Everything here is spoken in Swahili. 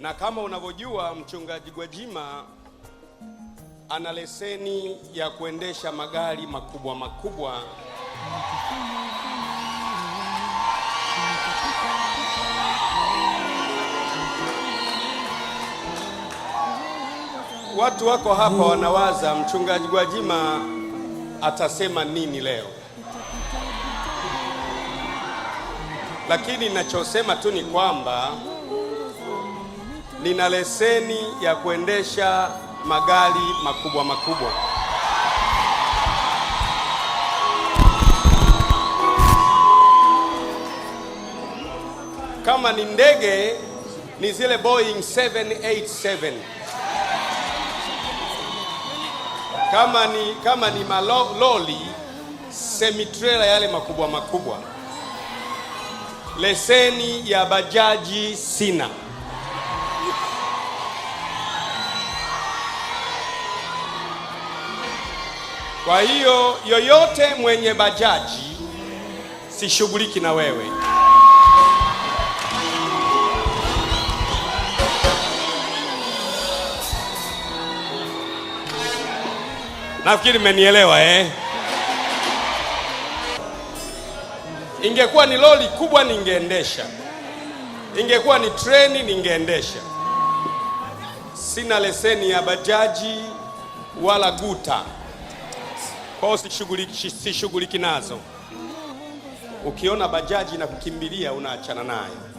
na kama unavyojua mchungaji Gwajima ana leseni ya kuendesha magari makubwa makubwa. Watu wako hapa wanawaza mchungaji Gwajima atasema nini leo, lakini ninachosema tu ni kwamba lina leseni ya kuendesha magari makubwa makubwa. Kama ni ndege ni zile Boeing 787. Kama ni, kama ni maloli semitrela yale makubwa makubwa. Leseni ya bajaji sina. Kwa hiyo yoyote mwenye bajaji sishughuliki na wewe. Nafikiri mmenielewa eh? Ingekuwa ni lori kubwa ningeendesha, ingekuwa ni treni ningeendesha. Sina leseni ya bajaji wala guta. Kwa sishughuliki nazo. Ukiona bajaji na kukimbilia, unaachana nayo.